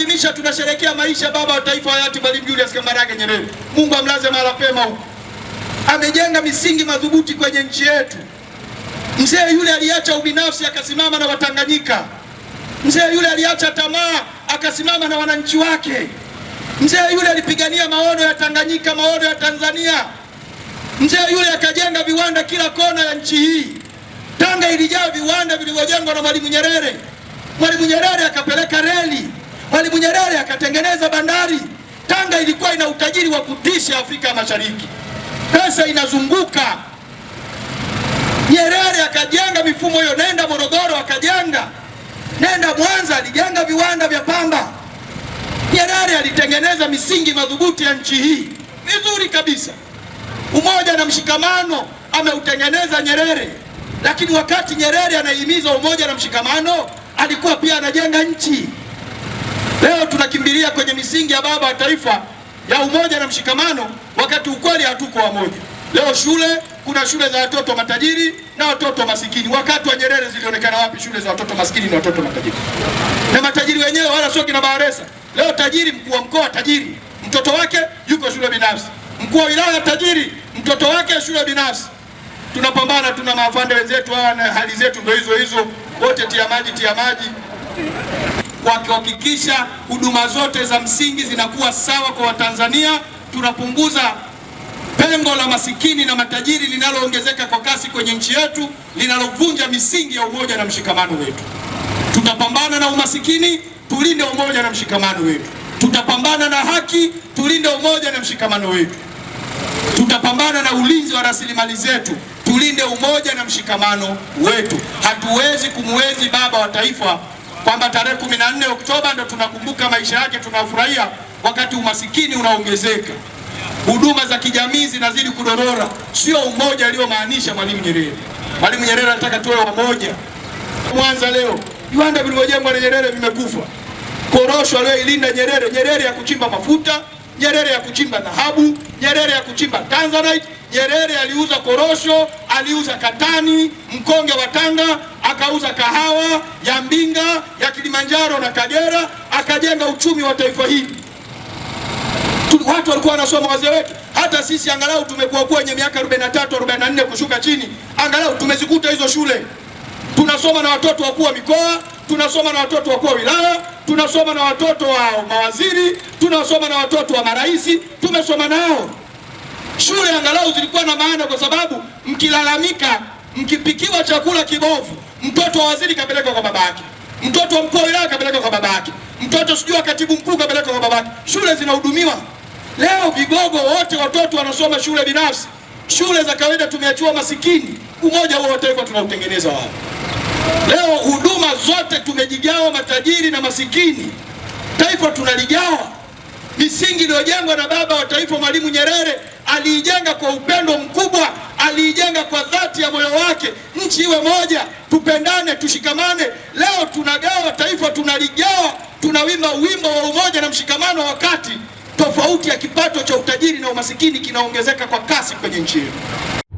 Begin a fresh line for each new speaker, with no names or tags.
tunaadhimisha tunasherehekea maisha baba wa taifa hayati Mwalimu Julius Kambarage Nyerere. Mungu amlaze mahali pema huko. Amejenga misingi madhubuti kwenye nchi yetu. Mzee yule aliacha ubinafsi akasimama na Watanganyika. Mzee yule aliacha tamaa akasimama na wananchi wake. Mzee yule alipigania maono ya Tanganyika, maono ya Tanzania. Mzee yule akajenga viwanda kila kona ya nchi hii. Tanga ilijaa viwanda vilivyojengwa na Mwalimu Nyerere. Mwalimu Nyerere akapeleka reli Mwalimu Nyerere akatengeneza bandari. Tanga ilikuwa ina utajiri wa kutisha Afrika ya Mashariki, pesa inazunguka. Nyerere akajenga mifumo hiyo, nenda Morogoro akajenga, nenda Mwanza alijenga viwanda vya pamba. Nyerere alitengeneza misingi madhubuti ya nchi hii vizuri kabisa. Umoja na mshikamano ameutengeneza Nyerere, lakini wakati Nyerere anahimiza umoja na mshikamano, alikuwa pia anajenga nchi. Leo tunakimbilia kwenye misingi ya baba wa taifa ya umoja na mshikamano, wakati ukweli hatuko wamoja. Leo shule kuna shule za watoto matajiri na watoto masikini. Wakati wa Nyerere zilionekana wapi shule za watoto masikini na watoto matajiri? Na matajiri wenyewe wala sio kina Baharesa. Leo tajiri, mkuu wa mkoa tajiri, mtoto wake yuko shule binafsi, mkuu wa wilaya tajiri, mtoto wake shule binafsi. Tunapambana, tuna maafande wenzetu hawa, na hali zetu ndio hizo hizo, wote tia maji, tia maji kwa kuhakikisha huduma zote za msingi zinakuwa sawa kwa Watanzania. Tunapunguza pengo la masikini na matajiri linaloongezeka kwa kasi kwenye nchi yetu, linalovunja misingi ya umoja na mshikamano wetu. Tutapambana na umasikini, tulinde umoja na mshikamano wetu. Tutapambana na haki, tulinde umoja na mshikamano wetu. Tutapambana na ulinzi wa rasilimali zetu, tulinde umoja na mshikamano wetu. Hatuwezi kumwenzi baba wa taifa kwamba tarehe 14 Oktoba ndo tunakumbuka maisha yake, tunafurahia wakati umasikini unaongezeka, huduma za kijamii zinazidi kudorora. Sio umoja aliyomaanisha Mwalimu Nyerere. Mwalimu Nyerere anataka tuwe wamoja. Mwanza leo viwanda vilivyojengwa na Nyerere vimekufa. Korosho aliyoilinda Nyerere, Nyerere ya kuchimba mafuta Nyerere ya kuchimba dhahabu, Nyerere ya kuchimba Tanzanite, Nyerere aliuza korosho, aliuza katani, mkonge wa Tanga, akauza kahawa ya Mbinga, ya Kilimanjaro na Kagera, akajenga uchumi wa taifa hili. Watu walikuwa wanasoma wazee wetu. Hata sisi angalau tumekuwa kuwa wenye miaka 43 44 kushuka chini, angalau tumezikuta hizo shule. Tunasoma na watoto wakuu wa mikoa, tunasoma na watoto wakuu wa wilaya, tunasoma na watoto wa mawaziri, tunasoma na watoto wa marais, tumesoma nao. Shule angalau zilikuwa na maana, kwa sababu mkilalamika, mkipikiwa chakula kibovu, mtoto wa waziri kapelekwa kwa babake, mtoto wa mkuu wa wilaya kapelekwa kwa babake, mtoto sijui wa katibu mkuu kapelekwa kwa babake. Shule zinahudumiwa. Leo vigogo wote watoto wanasoma shule binafsi, shule za kawaida tumeachiwa masikini. Umoja huo wa Taifa tunautengeneza wao leo huduma matajiri na masikini, taifa tunaligawa. Misingi iliyojengwa na baba wa taifa Mwalimu Nyerere aliijenga kwa upendo mkubwa, aliijenga kwa dhati ya moyo wake. Nchi iwe moja, tupendane, tushikamane. Leo tunagawa taifa, tunaligawa, tunawimba wimbo wa umoja na mshikamano, wakati tofauti ya kipato cha utajiri na umasikini kinaongezeka kwa kasi kwenye nchi yetu.